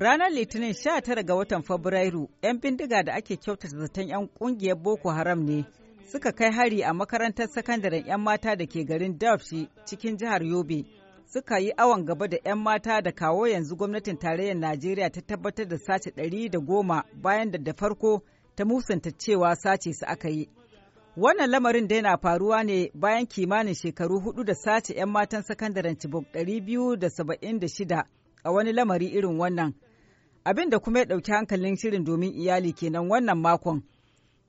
Ranar Litinin 19 ga watan Fabrairu, 'yan bindiga da ake kyautata zaton 'yan kungiyar Boko Haram ne suka kai hari a makarantar sakandaren 'yan mata da ke garin Dabshi cikin jihar Yobe. Suka yi awon gaba da 'yan mata da kawo yanzu gwamnatin tarayyar Najeriya ta tabbatar da sace ɗari da goma bayan da da farko ta musanta cewa sace su aka yi. Wannan lamarin da yana faruwa ne bayan kimanin shekaru hudu da sace 'yan matan sakandaren Chibok 276 a wani lamari irin wannan. abin da kuma ya ɗauki hankalin shirin domin iyali kenan wannan makon.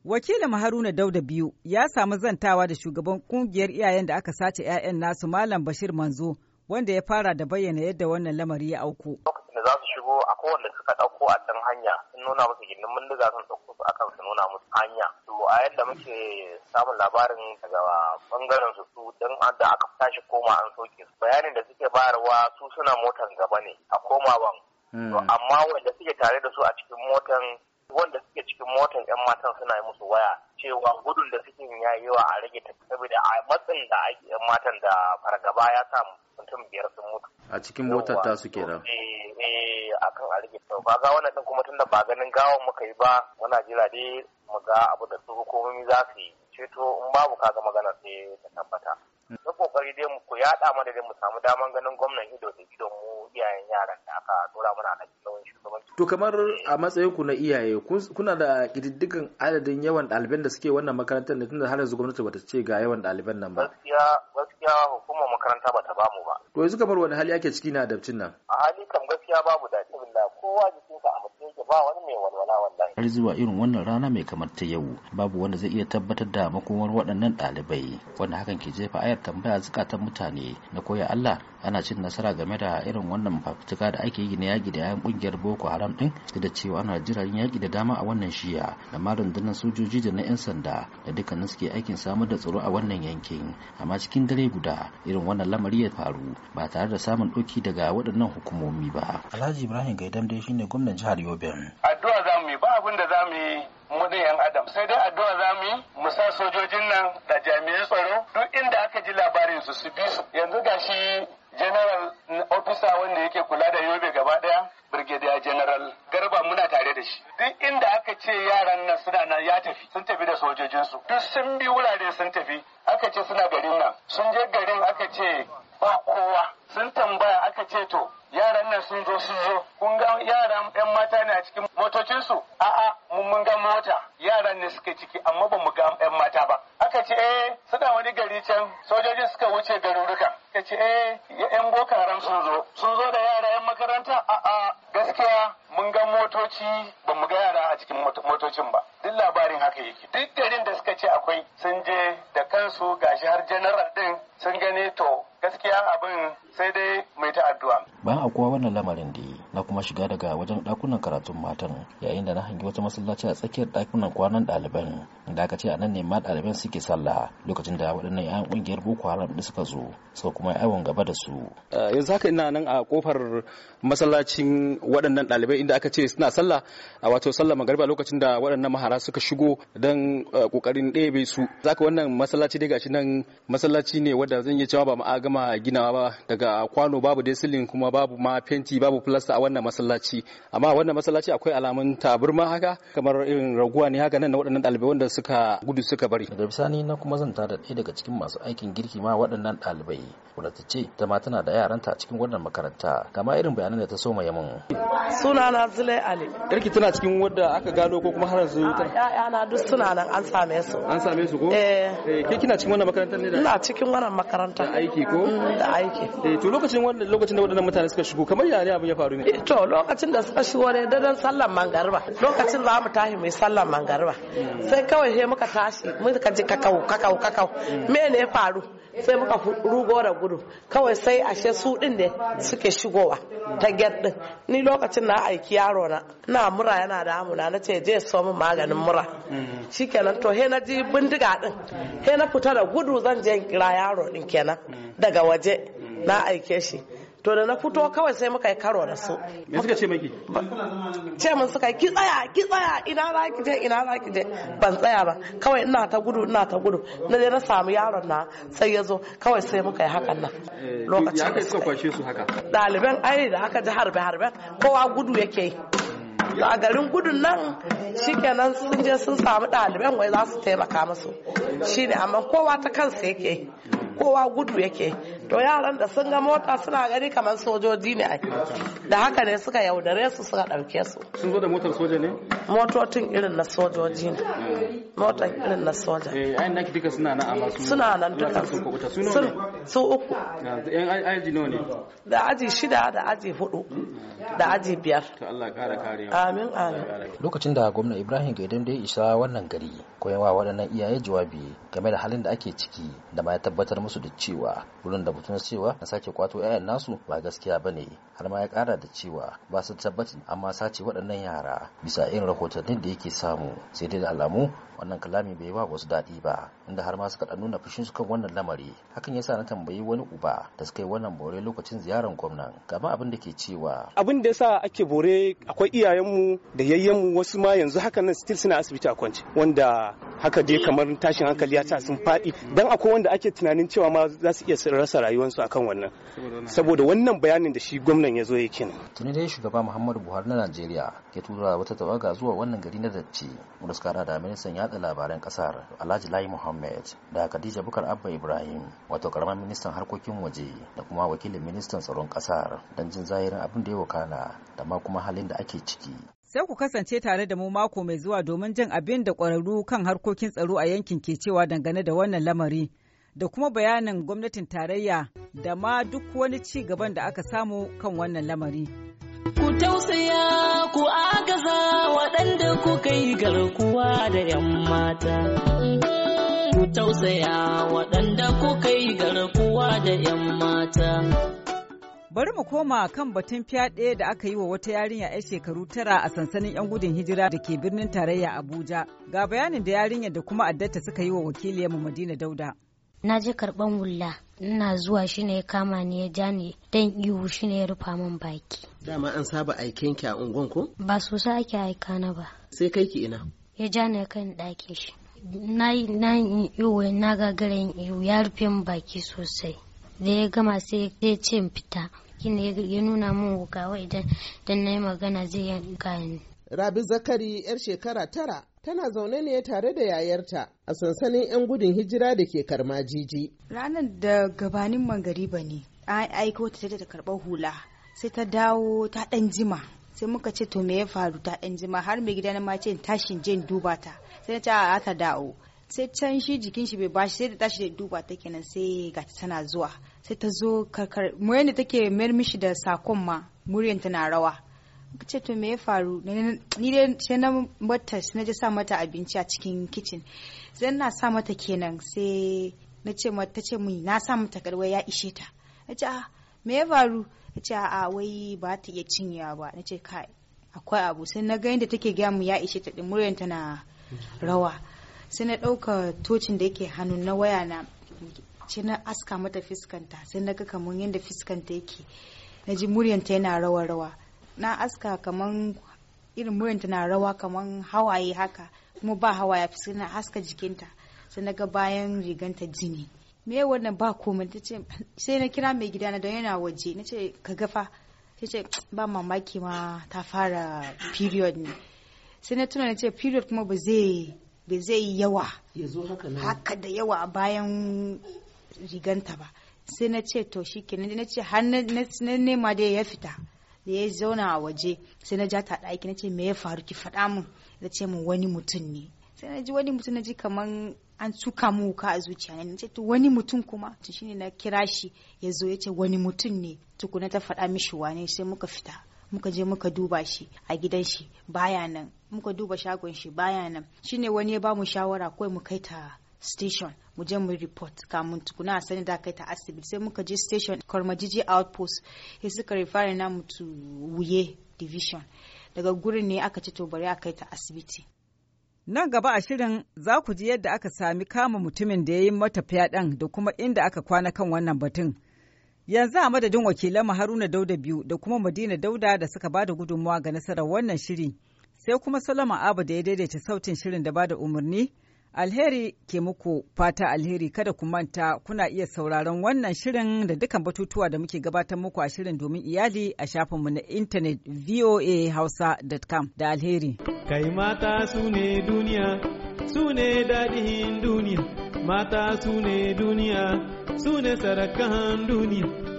Wakilin Haruna Dauda biyu ya samu zantawa da shugaban kungiyar iyayen da aka sace 'ya'yan nasu Malam Bashir Manzo wanda ya fara da bayyana yadda wannan lamari ya auku. Lokacin da za su shigo a kowanne suka ɗauko a can hanya sun nuna musu gindin mun diga sun ɗauko su akan su nuna musu hanya. To a yadda muke samun labarin daga bangaren su su don da aka tashi koma an soke su. Bayanin da suke bayarwa su suna motar gaba ne a komawan Hmm. amma wanda suke tare da su a cikin motan wanda suke cikin motan yan matan suna yi musu waya cewa gudun da suke ya yi wa a rage ta saboda a matsin da ake yan matan da fargaba ya sa mutum biyar sun mutu a cikin motar ta suke da eh akan a rage ta ba ga wannan din kuma tunda ba ganin gawan muka yi ba muna jira dai mu ga abu da su hukumomi za su yi ceto in babu kaga magana sai ta tabbata na kokari dai mu ku yaɗa mana dai mu samu daman ganin gwamnan ido da ido mu iyayen yaran da aka dora mana alhakin nauyin shugabanci. To kamar a matsayin ku na iyaye kuna da kididdigan adadin yawan ɗaliban da suke wannan makarantar ne tunda har yanzu gwamnati bata ce ga yawan ɗaliban nan ba. Gaskiya gaskiya hukumar makaranta bata bamu ba. To yanzu kamar wani hali ake ciki na adabcin nan? A hali kam gaskiya babu daɗi. har zuwa irin wannan rana mai kamar ta yau babu wanda zai iya tabbatar da makomar waɗannan ɗalibai wanda hakan ke jefa ayar tambaya zukatan mutane na koya Allah ana cin nasara game da irin wannan fafutuka da ake yi na yaki da yayan kungiyar boko haram ɗin. din da cewa ana jiran yaki da dama a wannan shiya da ma rundunar sojoji da na yan sanda da dukkanin suke aikin samar da tsaro a wannan yankin amma cikin dare guda irin wannan lamari ya faru ba tare da samun ɗauki daga waɗannan hukumomi ba alhaji ibrahim gaidam dai shine gwamnan jihar yobe addu'a za mu yi ba abin da za mu yi mu da yan adam sai dai addu'a za mu yi mu sa sojojin nan da jami'an tsaro duk inda aka ji labarin su su bi su yanzu gashi general mm, officer wanda yake kula da yobe gaba daya brigadier general garba muna tare da shi duk inda aka ce yaran nan suna nan ya tafi sun tafi da sojojinsu duk sun bi wurare sun tafi aka ce suna garin nan sun je garin aka ce ba kowa sun tambaya aka ce to yaran nan sun zo sun zo kun ga yaran yan mata ne a cikin motocinsu a'a mun mun ga mota yaran ne suka ciki amma ba mu ga yan mata ba aka ce eh suna wani gari can sojoji suka wuce garuruka ka ce eh yan boko haram sun zo sun zo da yara yan makaranta a a gaskiya mun ga motoci ba mu ga yara a cikin motocin ba duk labarin haka yake duk garin da suka ce akwai sun je da kansu gashi har general din sun gane to gaskiya abin sai dai mai ta addu'a bayan akuwa wannan lamarin da na kuma shiga daga wajen dakunan karatun matan yayin da na hangi wata masallaci a tsakiyar dakunan kwanan ɗaliban da aka ce a nan ne ma ɗaliban suke sallah lokacin da waɗannan 'ya'yan ƙungiyar boko haram da suka zo suka kuma aiwon gaba da su eh, yanzu haka ina nan a kofar masallacin waɗannan ɗalibai inda aka ce suna sallah a wato sallah magariba lokacin da waɗannan mahara suka shigo don eh, ƙoƙarin ɗebe su zaka wannan masallaci dai gashi nan masallaci ne wanda zan iya cewa ba ma a gama ginawa ba daga kwano babu dai silin kuma babu ma fenti babu plasta a wannan masallaci amma a wannan masallaci akwai alamun taburma haka kamar irin raguwa ne haka nan na waɗannan ɗalibai wanda suka gudu suka bari da bisani na kuma zan tada ɗaya daga cikin masu aikin girki ma waɗannan ɗalibai wadda ta ce ta ma tana da yaranta a cikin wannan makaranta kama irin bayanan da ta so ma yamin suna na zule ali girki tana cikin wadda aka gano ko kuma har yanzu na duk suna nan an same su an same su ko eh, eh ke kina cikin wannan makarantar ne da ina cikin wannan makaranta aiki ko mm, da aiki eh to lokacin wannan lokacin da waɗannan mutane mutane suka shigo kamar ya abin ya faru ne eh, to lokacin da suka shigo ne dadan sallan mangariba lokacin za mu tashi mai sallan mangariba sai kawai sai muka tashi muka ji kakau kakau kakau me ne faru sai muka rugo da gudu kawai sai ashe su din ne suke shigowa ta get din ni lokacin na aiki yaro na na mura yana da damuna na ce je so min maganin mura shikenan to he na ji bindiga din he na fita da gudu zan je kira yaro din kenan daga waje na aike shi to da na fito kawai sai muka yi karo da su me suka ce maki ce mun suka ki tsaya ki tsaya ina za ki je ina za ki je ban tsaya ba kawai ina ta gudu ina ta gudu na je na samu yaron na sai ya zo kawai sai muka yi hakan nan eh, lokacin da suka kwashe su haka Daliban ai da aka ji harbe harbe kowa gudu yake yi hmm. a garin gudun nan shikenan sun je sun samu ɗaliban wai za su taimaka musu shine amma kowa ta kansa yake kowa gudu yake to yaran da sun ga mota suna gani kamar sojoji ne da haka ne suka yaudare su suka ɗauke su sun zo da motar soja ne motocin irin na sojoji ne motar irin na soja eh ayin naki duka suna nan amma suna nan duka sun su uku yan aji nawa ne da aji shida da aji hudu da aji biyar to Allah kara kare amin amin lokacin da gwamna Ibrahim Gaidan da ya isa wannan gari koyawa waɗannan iyaye jawabi game da halin da ake ciki da ma ya tabbatar musu da cewa wurin da mutum cewa na sake kwato 'ya'yan nasu ba gaskiya ba ne har ma ya kara da cewa ba su tabbacin amma sace waɗannan yara bisa irin rahotannin da yake samu sai dai da alamu wannan kalami bai ba wasu daɗi ba inda har ma suka ɗan nuna fushin su kan wannan lamari hakan yasa na tambayi wani uba da suka yi wannan bore lokacin ziyarar gwamnan gama abin da ke cewa abin da yasa ake bore akwai iyayenmu da yayyenmu wasu ma yanzu haka nan still suna asibiti a kwance wanda haka dai kamar tashin hankali ya sa sun faɗi dan akwai wanda ake tunanin cewa cewa ma za su iya rasa rayuwarsu akan wannan saboda wannan bayanin da shi gwamnan ya zo ya kina. tuni dai shugaba muhammadu buhari na najeriya ke tura wata tawaga zuwa wannan gari na datti wanda suka da ministan yada labaran kasar alhaji lai muhammad da khadija bukar abba ibrahim wato karamar ministan harkokin waje da kuma wakilin ministan tsaron kasar don jin zahirin abin da ya wakana da ma kuma halin da ake ciki sai ku kasance tare da mu mako mai zuwa domin jan abin da ƙwararru kan harkokin tsaro a yankin ke cewa dangane da wannan lamari. da kuma bayanin gwamnatin tarayya da ma duk wani ci gaban da aka samu kan wannan lamari. Ku tausaya ku agaza waɗanda kuka yi garkuwa da 'yan mata. Ku tausaya waɗanda kuka yi garkuwa da 'yan mata. Bari mu koma kan batun fyaɗe da aka yi wa wata yarinya 'yar shekaru tara a sansanin 'yan gudun hijira da ke birnin tarayya Abuja. Ga bayanin da yarinya da kuma addata suka yi wa wakiliyarmu Madina Dauda. na je karban wulla ina zuwa shi ne ya kama ni ya ja ni dan ihu shi ne ya rufa min baki dama an saba aikin ki a unguwan ko ba sosai ake aika na ba sai kai ki ina ya ja ni ya kai ɗakin shi na yi na yi ihu na gagara yin ya rufe min baki sosai da ya gama sai ya ce fita shine ya nuna min wuka wai idan na yi magana zai yi ni Rabi Zakari 'yar shekara tara tana zaune ne tare da yayarta a sansanin 'yan gudun hijira da ke karma jiji. Ranar da gabanin mangariba ne, an aiko ta ta karɓar hula, sai ta dawo ta ɗan jima. sai muka ce to me ya faru ta ɗan jima har mai gida na ma ce tashin jin duba ta sai ta a ta dawo sai can shi jikin shi bai bashi sai da tashi da duba ta kenan sai ga tana zuwa sai ta zo karkar mu da take mayar mishi da sakon ma muryanta na rawa ce to me ya faru ni dai sai na mata na je sa mata abinci a cikin kicin. sai na sa mata kenan sai na ce mata ce mu na sa mata karwa ya ishe ta na ce ah, me ya faru na ce a wai ba ta iya cinyewa ba na ce kai akwai abu sai na ga yadda take gaya mu ya ishe ta din muryan na rawa sai na ɗauka tocin da yake hannu na waya na sai na aska mata fiskanta sai na ga kamar yadda fiskanta yake na ji muryanta yana rawa rawa na aska kaman irin muranta na rawa kaman hawaye haka kuma ba hawaye fi na haska jikinta sai na ga bayan riganta jini me wannan ba komai ta ce sai na kira mai gida na don yana waje na ce ka gafa ta ce ba mamaki ma ta fara period ne sai na tuna na ce period kuma ba zai ba zai yawa haka da yawa a bayan riganta ba sai na ce to shi kenan na ce har na nema da ya fita da ya zauna a waje sai na ja ta ɗaki na ce me ya faru ki faɗa mun da ce mun wani mutum ne sai na ji wani mutum na ji kaman an tuka mu wuka a zuciya na ce to wani mutum kuma to shine na kira shi ya zo ya ce wani mutum ne tukuna ta faɗa mishi wane sai muka fita muka je muka duba shi a gidan shi baya nan muka duba shagon shi baya nan shine wani ya ba mu shawara kawai mu kai ta station mu je mu report kamun tukuna a sani da kai ta asibiti sai muka je station kormajiji outpost sai suka refer na mutu wuye division daga gurin ne aka ci to bari a kai ta asibiti nan gaba a shirin za ku ji yadda aka sami kama mutumin da ya yi mata ɗan da kuma inda aka kwana kan wannan batun yanzu a madadin wakilan haruna dauda biyu da kuma madina dauda da suka bada gudunmawa ga nasarar wannan shiri sai kuma salama abu da ya daidaita sautin shirin da bada umarni Alheri ke muku fata alheri kada ku manta kuna iya sauraron wannan shirin da dukkan batutuwa da muke gabatar muku a shirin domin iyali a shafinmu na intanet voahausa.com da alheri. Kai mata su ne duniya, su ne daɗin duniya, mata su ne duniya, su ne sarakan duniya.